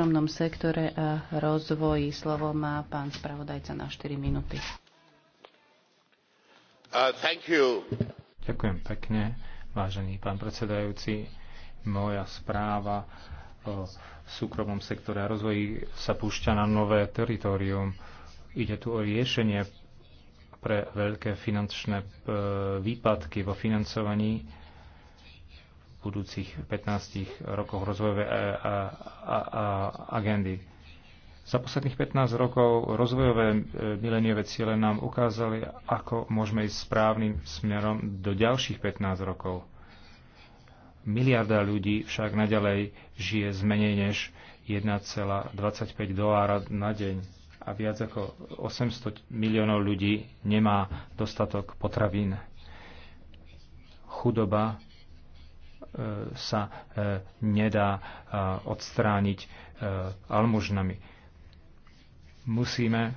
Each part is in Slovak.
súkromnom sektore a rozvoji. Slovo má pán spravodajca na 4 minúty. Uh, Ďakujem pekne, vážený pán predsedajúci. Moja správa o súkromnom sektore a rozvoji sa púšťa na nové teritorium. Ide tu o riešenie pre veľké finančné e, výpadky vo financovaní v budúcich 15 rokoch rozvojovej e a, a, a agendy. Za posledných 15 rokov rozvojové e, mileniové ciele nám ukázali, ako môžeme ísť správnym smerom do ďalších 15 rokov. Miliarda ľudí však naďalej žije z menej než 1,25 dolára na deň a viac ako 800 miliónov ľudí nemá dostatok potravín. Chudoba E, sa e, nedá e, odstrániť almužnami. Musíme,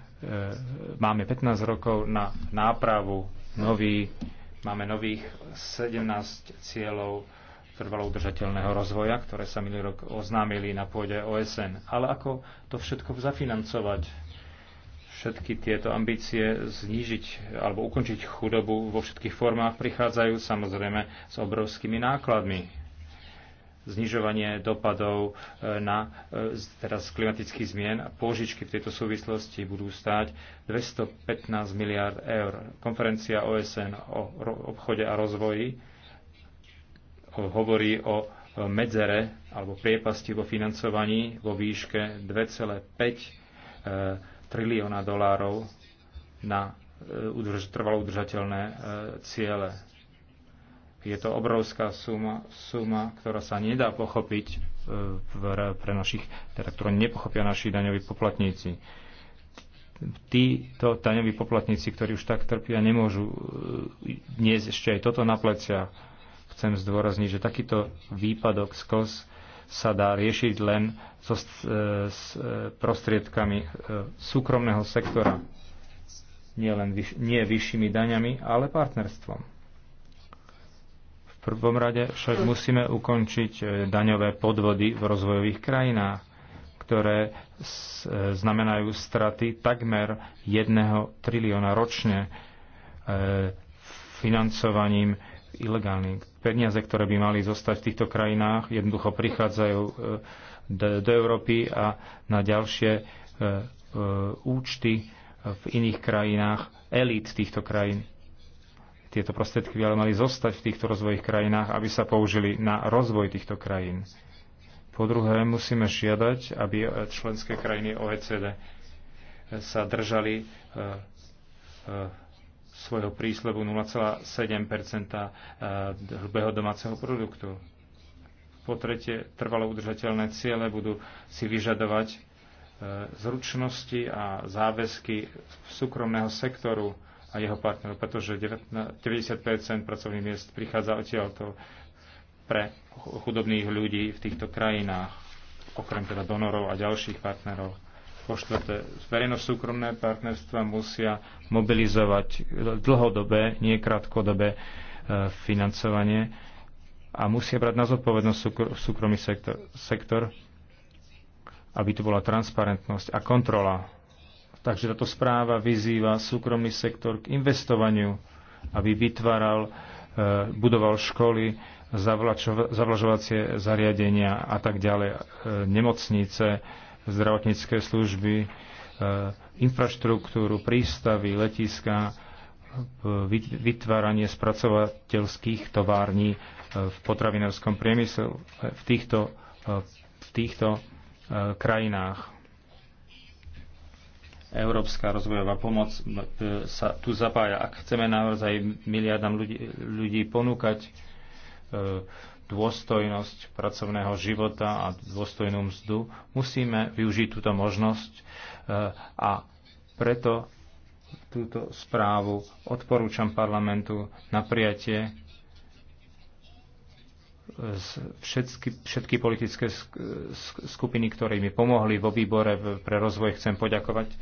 máme 15 rokov na nápravu, nový, máme nových 17 cieľov trvalo udržateľného rozvoja, ktoré sa minulý rok oznámili na pôde OSN. Ale ako to všetko zafinancovať? Všetky tieto ambície znížiť alebo ukončiť chudobu vo všetkých formách prichádzajú samozrejme s obrovskými nákladmi. Znižovanie dopadov e, na e, teraz klimatických zmien a pôžičky v tejto súvislosti budú stáť 215 miliard eur. Konferencia OSN o obchode a rozvoji hovorí o medzere alebo priepasti vo financovaní vo výške 2,5 trilióna dolárov na e, trvalo udržateľné e, ciele. Je to obrovská suma, suma ktorá sa nedá pochopiť e, pre našich, teda ktorú nepochopia naši daňoví poplatníci. Títo daňoví poplatníci, ktorí už tak trpia, nemôžu dnes ešte aj toto na plecia, Chcem zdôrazniť, že takýto výpadok sklz sa dá riešiť len so, s e, e, prostriedkami e, súkromného sektora. Nie, len vyš, nie vyššími daňami, ale partnerstvom. V prvom rade však musíme ukončiť daňové podvody v rozvojových krajinách, ktoré znamenajú straty takmer 1 trilióna ročne financovaním ilegálni. Peniaze, ktoré by mali zostať v týchto krajinách, jednoducho prichádzajú e, do, Európy a na ďalšie e, e, účty v iných krajinách, elít týchto krajín. Tieto prostriedky by ale mali zostať v týchto rozvojových krajinách, aby sa použili na rozvoj týchto krajín. Po druhé, musíme žiadať, aby členské krajiny OECD sa držali svojho príslebu 0,7 eh, hrubého domáceho produktu. Po tretie, trvalo udržateľné ciele budú si vyžadovať eh, zručnosti a záväzky súkromného sektoru a jeho partnerov, pretože 90 pracovných miest prichádza odtiaľto pre chudobných ľudí v týchto krajinách, okrem teda donorov a ďalších partnerov po štvrté, verejno-súkromné partnerstva musia mobilizovať dlhodobé, nie krátkodobé e, financovanie a musia brať na zodpovednosť súkromný sektor, sektor, aby tu bola transparentnosť a kontrola. Takže táto správa vyzýva súkromný sektor k investovaniu, aby vytváral, e, budoval školy, zavlažovacie zariadenia a tak ďalej, e, nemocnice, zdravotnícke služby, e, infraštruktúru, prístavy, letiska, e, vytváranie spracovateľských tovární e, v potravinárskom priemysle v týchto, v týchto krajinách. Európska rozvojová pomoc sa tu zapája. Ak chceme naozaj miliardám ľudí, ľudí ponúkať E, dôstojnosť pracovného života a dôstojnú mzdu, musíme využiť túto možnosť e, a preto túto správu odporúčam parlamentu na prijatie e, všetky, všetky politické skupiny, ktorí mi pomohli vo výbore pre rozvoj, chcem poďakovať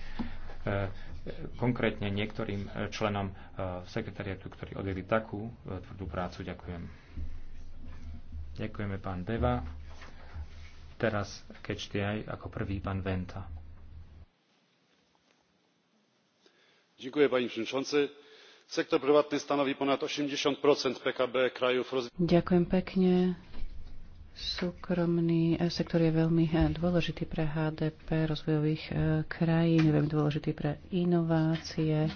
konkrétne niektorým členom sekretariatu, ktorí odvedli takú tvrdú prácu. Ďakujem. Ďakujeme pán Deva. Teraz kečte aj ako prvý pán Venta. Dziękuję panie przewodniczący. Sektor prywatny stanowi ponad 80% PKB krajów rozwiniętych. Ďakujem pekne. Súkromný eh, sektor eh, eh, je veľmi dôležitý pre HDP rozvojových krajín, veľmi dôležitý pre inovácie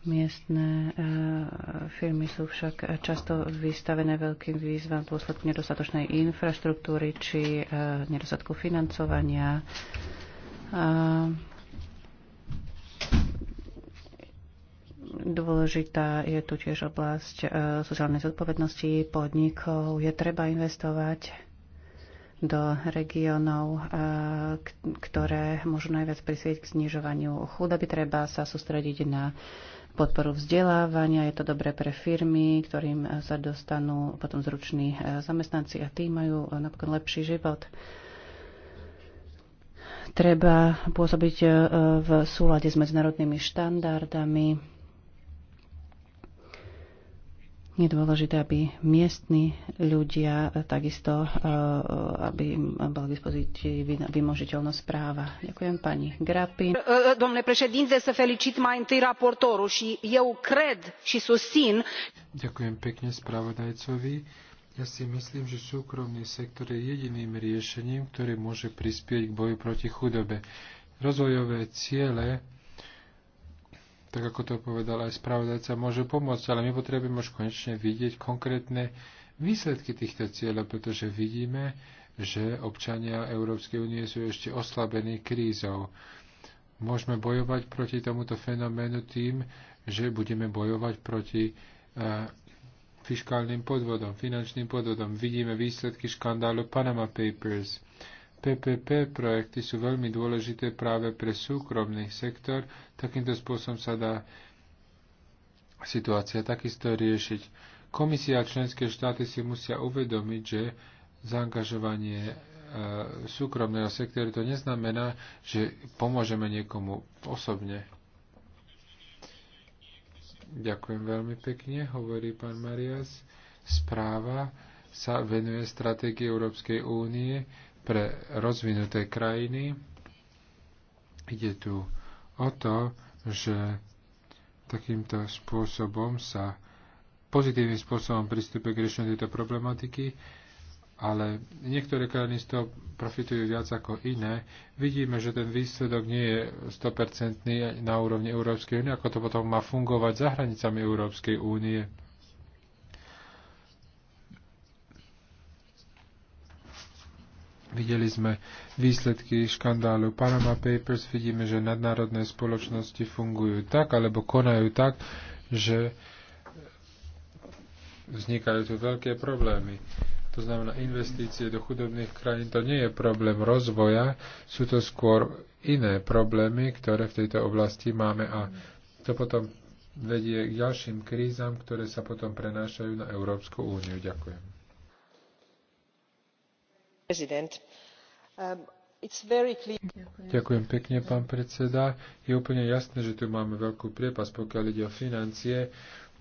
Miestne e, firmy sú však často vystavené veľkým výzvam v dôsledku nedostatočnej infraštruktúry či e, nedostatku financovania. Dôležitá je tu tiež oblasť e, sociálnej zodpovednosti podnikov. Je treba investovať do regiónov, ktoré môžu najviac prispieť k znižovaniu chudoby. Treba sa sústrediť na podporu vzdelávania. Je to dobré pre firmy, ktorým sa dostanú potom zruční e, zamestnanci a tí majú e, napokon lepší život. Treba pôsobiť e, v súlade s medzinárodnými štandardami je dôležité, aby miestni ľudia takisto, e, aby bol k dispozícii vymožiteľnosť práva. Ďakujem pani Grapin. E, e, domnule președinte, sa felicit mai întâi raportorul și eu cred și susțin. Ďakujem pekne spravodajcovi. Ja si myslím, že súkromný sektor je jediným riešením, ktoré môže prispieť k boju proti chudobe. Rozvojové ciele tak ako to povedal aj spravodajca, môžu pomôcť, ale my potrebujeme už konečne vidieť konkrétne výsledky týchto cieľov, pretože vidíme, že občania Európskej únie sú ešte oslabení krízou. Môžeme bojovať proti tomuto fenoménu tým, že budeme bojovať proti e, fiskálnym podvodom, finančným podvodom. Vidíme výsledky škandálu Panama Papers. PPP projekty sú veľmi dôležité práve pre súkromný sektor. Takýmto spôsobom sa dá situácia takisto riešiť. Komisia a členské štáty si musia uvedomiť, že zaangažovanie e, súkromného sektoru to neznamená, že pomôžeme niekomu osobne. Ďakujem veľmi pekne, hovorí pán Marias. Správa sa venuje stratégii Európskej únie pre rozvinuté krajiny. Ide tu o to, že takýmto spôsobom sa pozitívnym spôsobom pristúpe k riešeniu tejto problematiky, ale niektoré krajiny z toho profitujú viac ako iné. Vidíme, že ten výsledok nie je 100% na úrovni Európskej únie, ako to potom má fungovať za hranicami Európskej únie. Videli sme výsledky škandálu Panama Papers, vidíme, že nadnárodné spoločnosti fungujú tak, alebo konajú tak, že vznikajú tu veľké problémy. To znamená, investície do chudobných krajín to nie je problém rozvoja, sú to skôr iné problémy, ktoré v tejto oblasti máme a to potom vedie k ďalším krízam, ktoré sa potom prenášajú na Európsku úniu. Ďakujem. Um, Ďakujem pekne, pán predseda. Je úplne jasné, že tu máme veľkú priepas, pokiaľ ide o financie,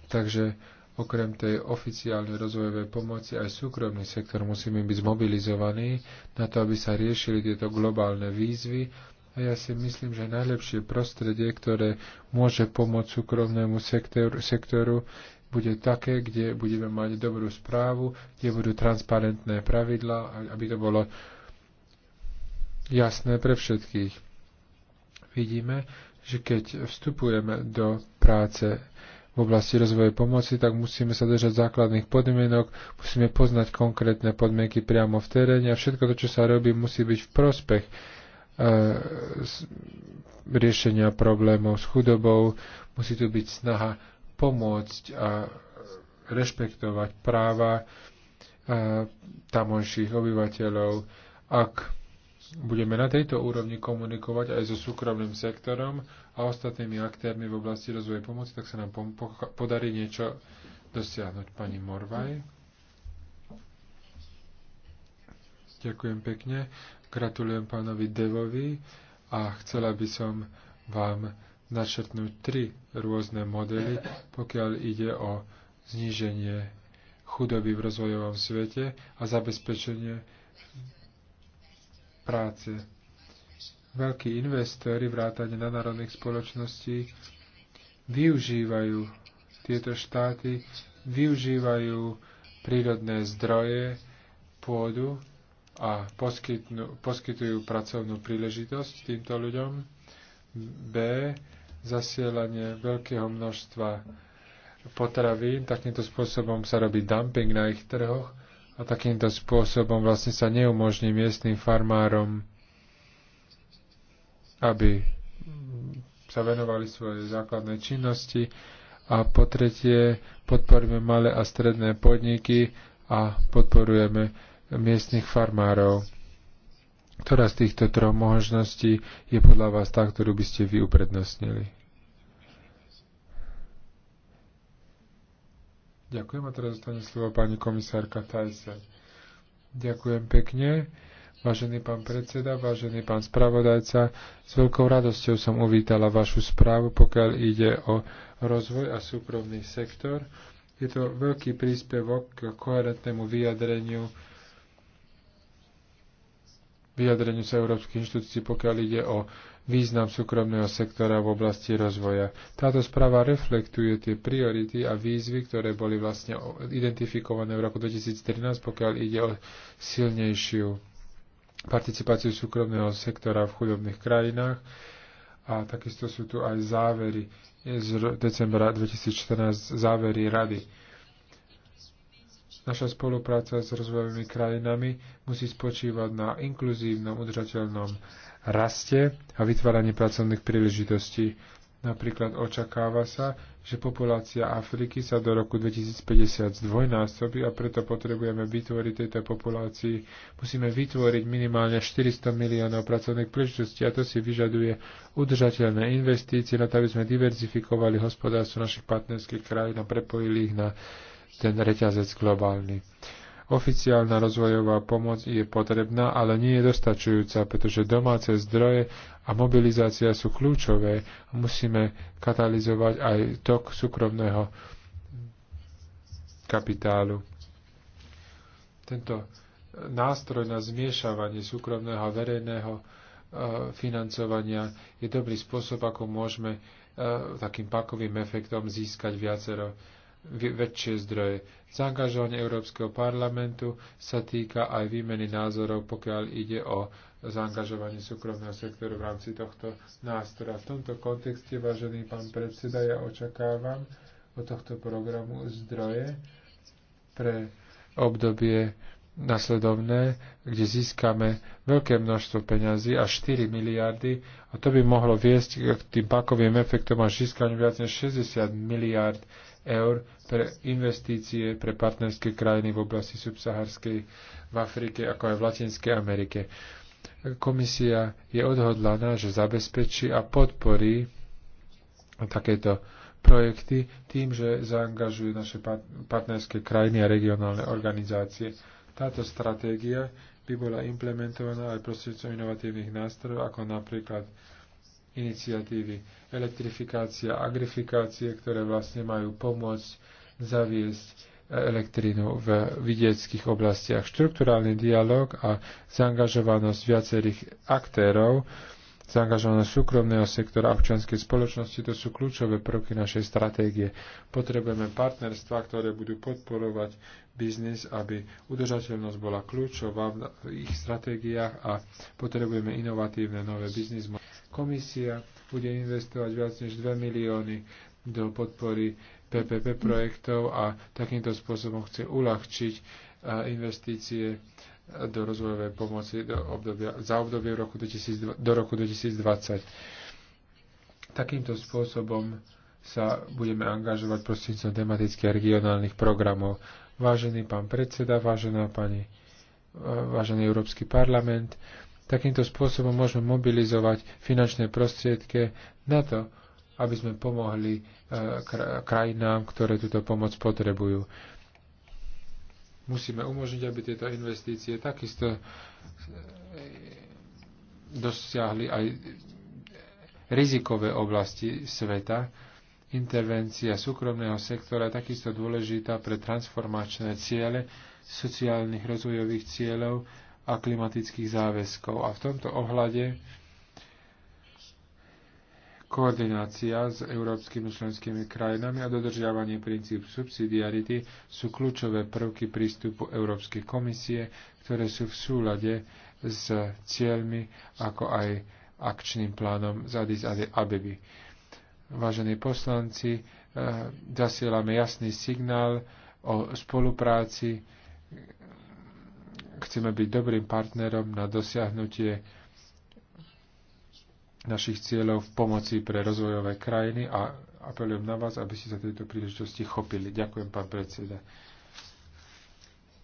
takže okrem tej oficiálnej rozvojovej pomoci aj súkromný sektor musíme byť zmobilizovaný na to, aby sa riešili tieto globálne výzvy a ja si myslím, že najlepšie prostredie, ktoré môže pomôcť súkromnému sektoru, sektoru bude také, kde budeme mať dobrú správu, kde budú transparentné pravidlá, aby to bolo jasné pre všetkých. Vidíme, že keď vstupujeme do práce v oblasti rozvoja pomoci, tak musíme sa držať základných podmienok, musíme poznať konkrétne podmienky priamo v teréne a všetko to, čo sa robí, musí byť v prospech E, riešenia problémov s chudobou, musí tu byť snaha pomôcť a rešpektovať práva e, tamojších obyvateľov. Ak budeme na tejto úrovni komunikovať aj so súkromným sektorom a ostatnými aktérmi v oblasti rozvoja pomoci, tak sa nám podarí niečo dosiahnuť. Pani Morvaj. Ďakujem pekne. Gratulujem pánovi Devovi a chcela by som vám načrtnúť tri rôzne modely, pokiaľ ide o zníženie chudoby v rozvojovom svete a zabezpečenie práce. Veľkí investori vrátane národných spoločností využívajú tieto štáty, využívajú prírodné zdroje, pôdu a poskytnú, poskytujú pracovnú príležitosť týmto ľuďom. B. Zasielanie veľkého množstva potravín. Takýmto spôsobom sa robí dumping na ich trhoch a takýmto spôsobom vlastne sa neumožní miestnym farmárom, aby sa venovali svojej základnej činnosti. A po tretie, podporujeme malé a stredné podniky a podporujeme miestnych farmárov. Ktorá z týchto troch možností je podľa vás tá, ktorú by ste vy uprednostnili? Ďakujem a teraz zostane slovo pani komisárka Tajsa. Ďakujem pekne. Vážený pán predseda, vážený pán spravodajca, s veľkou radosťou som uvítala vašu správu, pokiaľ ide o rozvoj a súkromný sektor. Je to veľký príspevok k koherentnému vyjadreniu vyjadreniu sa európskych inštitúcií, pokiaľ ide o význam súkromného sektora v oblasti rozvoja. Táto správa reflektuje tie priority a výzvy, ktoré boli vlastne identifikované v roku 2013, pokiaľ ide o silnejšiu participáciu súkromného sektora v chudobných krajinách. A takisto sú tu aj závery z decembra 2014, závery rady Naša spolupráca s rozvojovými krajinami musí spočívať na inkluzívnom, udržateľnom raste a vytváraní pracovných príležitostí. Napríklad očakáva sa, že populácia Afriky sa do roku 2050 zdvojnásobí a preto potrebujeme vytvoriť tejto populácii. Musíme vytvoriť minimálne 400 miliónov pracovných príležitostí a to si vyžaduje udržateľné investície na to, aby sme diverzifikovali hospodárstvo našich partnerských krajín a prepojili ich na ten reťazec globálny. Oficiálna rozvojová pomoc je potrebná, ale nie je dostačujúca, pretože domáce zdroje a mobilizácia sú kľúčové. Musíme katalizovať aj tok súkromného kapitálu. Tento nástroj na zmiešavanie súkromného a verejného e, financovania je dobrý spôsob, ako môžeme e, takým pakovým efektom získať viacero väčšie zdroje. Zaangažovanie Európskeho parlamentu sa týka aj výmeny názorov, pokiaľ ide o zaangažovanie súkromného sektoru v rámci tohto nástroja. V tomto kontexte, vážený pán predseda, ja očakávam od tohto programu zdroje pre obdobie nasledovné, kde získame veľké množstvo peňazí, až 4 miliardy, a to by mohlo viesť k tým pakovým efektom až získaniu viac než 60 miliard eur pre investície pre partnerské krajiny v oblasti subsaharskej v Afrike, ako aj v Latinskej Amerike. Komisia je odhodlaná, že zabezpečí a podporí takéto projekty tým, že zaangažuje naše partnerské krajiny a regionálne organizácie. Táto stratégia by bola implementovaná aj prostredcom inovatívnych nástrojov, ako napríklad iniciatívy elektrifikácia, agrifikácie, ktoré vlastne majú pomôcť zaviesť elektrínu v vidieckých oblastiach. Štruktúrálny dialog a zaangažovanosť viacerých aktérov zaangažovanosť súkromného sektora a občianskej spoločnosti, to sú kľúčové prvky našej stratégie. Potrebujeme partnerstva, ktoré budú podporovať biznis, aby udržateľnosť bola kľúčová v ich stratégiách a potrebujeme inovatívne nové biznis. Komisia bude investovať viac než 2 milióny do podpory PPP projektov a takýmto spôsobom chce uľahčiť eh, investície do rozvojovej pomoci do obdobia, za obdobie roku 2000, do roku 2020. Takýmto spôsobom sa budeme angažovať prostredníctvom tematických a regionálnych programov. Vážený pán predseda, vážená pani, vážený Európsky parlament, takýmto spôsobom môžeme mobilizovať finančné prostriedky na to, aby sme pomohli eh, krajinám, ktoré túto pomoc potrebujú. Musíme umožniť, aby tieto investície takisto e, dosiahli aj rizikové oblasti sveta. Intervencia súkromného sektora je takisto dôležitá pre transformačné ciele sociálnych rozvojových cieľov a klimatických záväzkov. A v tomto ohľade Koordinácia s európskymi členskými krajinami a dodržiavanie princíp subsidiarity sú kľúčové prvky prístupu Európskej komisie, ktoré sú v súlade s cieľmi ako aj akčným plánom z Addis Abeby. Vážení poslanci, eh, zasielame jasný signál o spolupráci. Chceme byť dobrým partnerom na dosiahnutie našich cieľov v pomoci pre rozvojové krajiny a apelujem na vás, aby ste sa tejto príležitosti chopili. Ďakujem, pán predseda.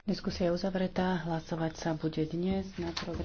Diskusia je uzavretá, hlasovať sa bude dnes na program.